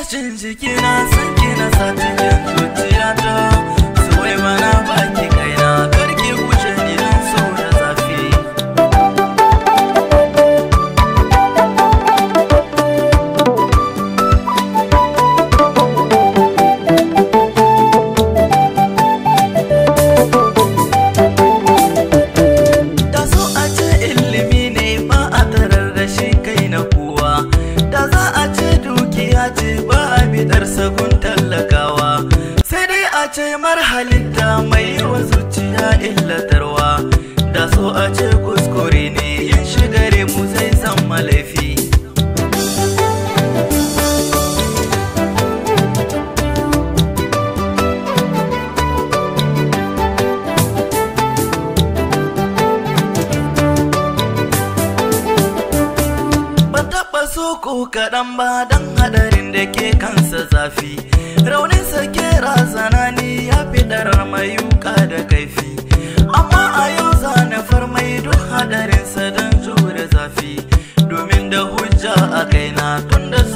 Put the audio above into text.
tashin jiki na san kina sa cikin ba a bidar sagun tallakawa sai dai a ce mar halitta mai yawan zuciya illatarwa da so a ce Ku kaɗan ba don hadarin da ke kansa zafi raunin sake razanani ya fi ɗarar mayuka da kaifi amma a yau zane farmai duk hadarinsa don jure zafi domin da hujja a kaina tun da su.